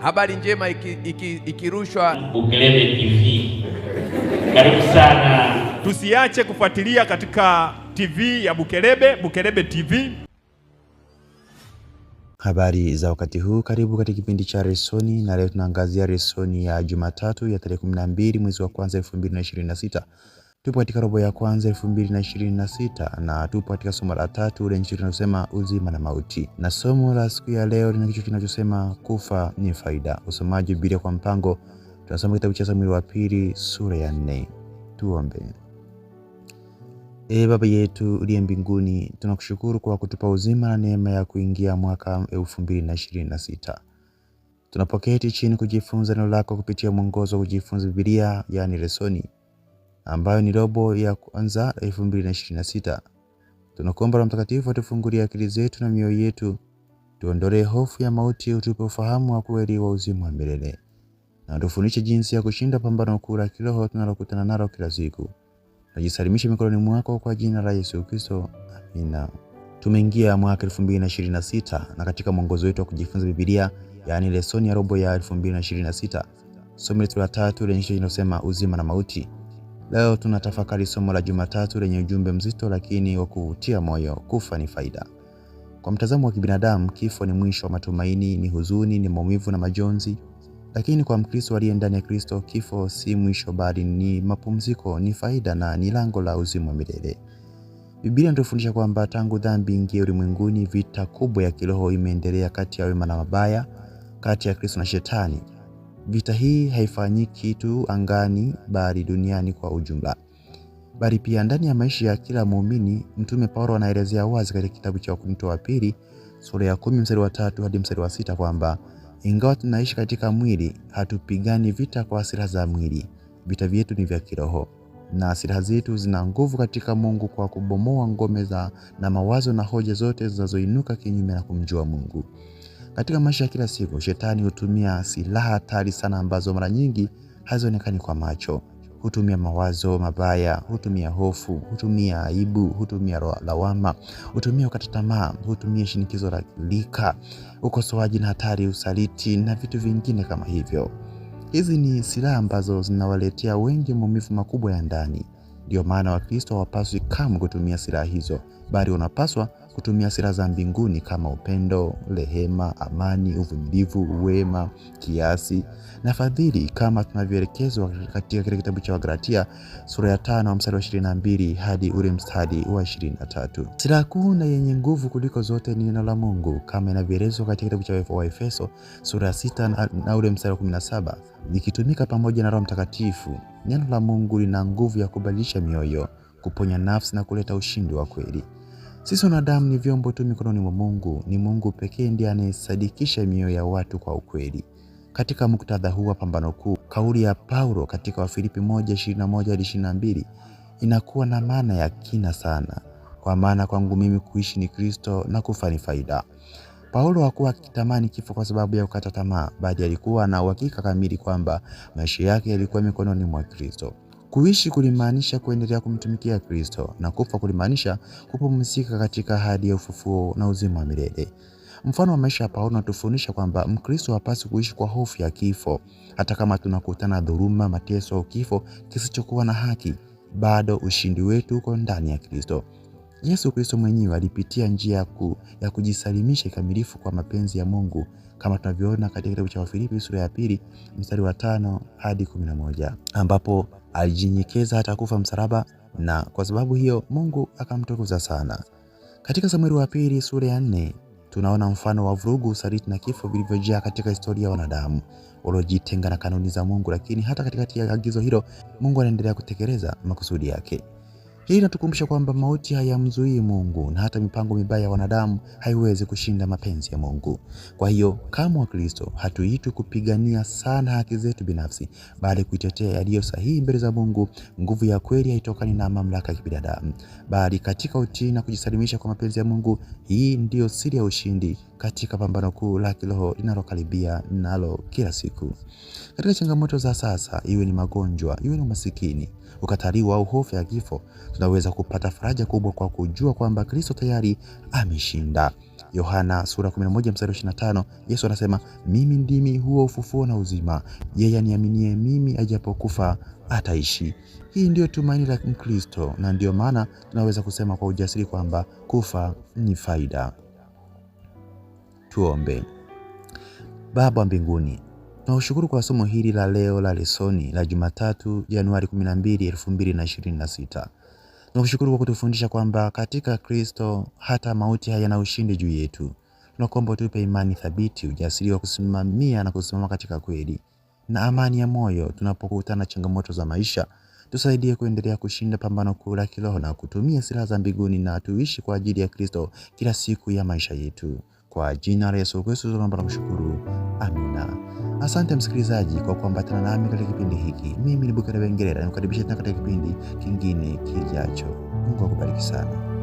Habari njema ikirushwa iki, iki Bukelebe TV. Karibu sana, tusiache kufuatilia katika TV ya Bukelebe, Bukelebe TV. Habari za wakati huu, karibu katika kipindi cha resoni na leo tunaangazia resoni ya Jumatatu ya tarehe 12 mwezi wa kwanza 2026. Tupo katika robo ya kwanza elfu mbili na ishirini na sita na tupo katika somo la tatu lenye kichwa kinachosema uzima na mauti, na somo la siku ya leo lina kichwa kinachosema kufa ni faida. Usomaji Biblia kwa mpango, tunasoma kitabu cha Samueli wa pili sura ya nne. Tuombe. E Baba yetu uliye mbinguni, tunakushukuru kwa kutupa uzima na neema ya kuingia mwaka elfu mbili na ishirini na sita tunapoketi chini kujifunza neno lako kupitia mwongozo wa kujifunza Biblia, yaani lesoni ambayo ni robo ya kwanza 2026. Tunakuomba Roho Mtakatifu atufungulie akili zetu na mioyo yetu, tuondolee hofu ya mauti, utupe ufahamu wa kweli wa uzima wa milele, na tufundishe jinsi ya kushinda pambano kuu la kiroho tunalokutana nalo kila siku. Najisalimisha mikononi mwako kwa jina la Yesu Kristo, amina. Tumeingia mwaka 2026 na na katika mwongozo wetu wa kujifunza Biblia, yaani lesoni ya robo ya 2026, somo letu la tatu lenye kichwa kinasema uzima na mauti Leo tunatafakari somo la Jumatatu lenye ujumbe mzito lakini wa kuvutia moyo: kufa ni faida. Kwa mtazamo wa kibinadamu, kifo ni mwisho wa matumaini, ni huzuni, ni maumivu na majonzi. Lakini kwa Mkristo aliye ndani ya Kristo, kifo si mwisho, bali ni mapumziko, ni faida na ni lango la uzima wa milele. Biblia inatufundisha kwamba tangu dhambi ingie ulimwenguni, vita kubwa ya kiroho imeendelea kati ya wema na mabaya, kati ya Kristo na Shetani. Vita hii haifanyiki tu angani, bali duniani kwa ujumla, bali pia ndani ya maisha ya kila muumini. Mtume Paulo anaelezea wazi katika kitabu cha Wakorintho wa pili sura ya kumi mstari wa tatu hadi mstari wa sita kwamba ingawa tunaishi katika mwili, hatupigani vita kwa silaha za mwili. Vita vyetu ni vya kiroho, na silaha zetu zina nguvu katika Mungu kwa kubomoa ngome za na mawazo na hoja zote zinazoinuka kinyume na kumjua Mungu. Katika maisha ya kila siku, shetani hutumia silaha hatari sana ambazo mara nyingi hazionekani kwa macho. Hutumia mawazo mabaya, hutumia hofu, hutumia aibu, hutumia lawama, hutumia ukata tamaa, hutumia shinikizo la lika, ukosoaji na hatari, usaliti na vitu vingine kama hivyo. Hizi ni silaha ambazo zinawaletea wengi maumivu makubwa ya ndani. Ndio maana Wakristo hawapaswi kamwe kutumia silaha hizo, bali wanapaswa kutumia sera za mbinguni kama upendo, rehema, amani, uvumilivu, wema, kiasi na fadhili kama tunavyoelekezwa katika kile kitabu cha Wagalatia sura ya 5 mstari wa 22 hadi ule mstari wa 23. Silaha kuu na yenye nguvu kuliko zote ni neno la Mungu kama inavyoelezwa katika kitabu cha Waefeso sura ya 6 na ule mstari wa 17, nikitumika pamoja na Roho Mtakatifu. Neno la Mungu lina nguvu ya kubadilisha mioyo, kuponya nafsi na kuleta ushindi wa kweli. Sisi wanadamu ni vyombo tu mikononi mwa Mungu. Ni Mungu pekee ndiye anayesadikisha mioyo ya watu kwa ukweli. Katika muktadha huu wa pambano kuu, kauli ya Paulo katika Wafilipi 1:21 hadi 22 inakuwa na maana ya kina sana, kwa maana kwangu mimi kuishi ni Kristo na kufa ni faida. Paulo hakuwa akitamani kifo kwa sababu ya kukata tamaa, bali alikuwa na uhakika kamili kwamba maisha yake yalikuwa mikononi mwa Kristo. Kuishi kulimaanisha kuendelea kumtumikia Kristo na kufa kulimaanisha kupumzika katika hadi ya ufufuo na uzima wa milele. Mfano wa maisha ya Paulo unatufundisha kwamba Mkristo hapaswi kuishi kwa hofu ya kifo, hata kama tunakutana dhuluma, mateso au kifo kisichokuwa na haki, bado ushindi wetu uko ndani ya Kristo. Yesu Kristo mwenyewe alipitia njia ku, ya kujisalimisha kikamilifu kwa mapenzi ya Mungu kama tunavyoona katika kitabu cha Wafilipi sura ya pili mstari wa tano hadi kumi na moja ambapo alijinyekeza hata kufa msalaba, na kwa sababu hiyo Mungu akamtukuza sana. Katika Samueli wa pili sura ya nne tunaona mfano wa vurugu, usaliti na kifo vilivyojaa katika historia ya wanadamu waliojitenga na kanuni za Mungu, lakini hata katikati ya agizo hilo Mungu anaendelea kutekeleza makusudi yake. Hii inatukumbusha kwamba mauti hayamzuii Mungu na hata mipango mibaya ya wanadamu haiwezi kushinda mapenzi ya Mungu. Kwa hiyo kama Wakristo hatuitwi kupigania sana haki zetu binafsi, bali kuitetea yaliyo sahihi mbele za Mungu. Nguvu ya kweli haitokani na mamlaka ya kibinadamu, bali katika utii na kujisalimisha kwa mapenzi ya Mungu. Hii ndiyo siri ya ushindi katika pambano kuu la kiroho linalokaribia nalo kila siku. Katika changamoto za sasa, iwe ni magonjwa, iwe ni umasikini ukatariwa au hofu ya kifo, tunaweza kupata faraja kubwa kwa kujua kwamba Kristo tayari ameshinda. Yohana sura 11 mstari 25, Yesu anasema, mimi ndimi huo ufufuo na uzima, yeye aniaminie mimi ajapokufa ataishi. Hii ndiyo tumaini la Mkristo, na ndiyo maana tunaweza kusema kwa ujasiri kwamba kufa ni faida. Tuombe. Baba wa mbinguni, Tunaushukuru kwa somo hili la leo la lesoni la Jumatatu Januari 12, 2026. Tunakushukuru kwa kutufundisha kwamba katika Kristo hata mauti hayana ushindi juu yetu. Tunakuomba tupe imani thabiti, ujasiri wa kusimamia na kusimama katika kweli, na amani ya moyo tunapokutana changamoto za maisha. Tusaidie kuendelea kushinda pambano kuu la kiroho na kutumia silaha za mbinguni, na tuishi kwa ajili ya Kristo kila siku ya maisha yetu. Kwa jina la Yesu Kristo tunaomba na kushukuru, amina. Asante msikilizaji kwa kuambatana nami katika kipindi hiki. Mimi ni Bukari Bengerera, nikukaribisha tena katika kipindi kingine kijacho. Mungu akubariki sana.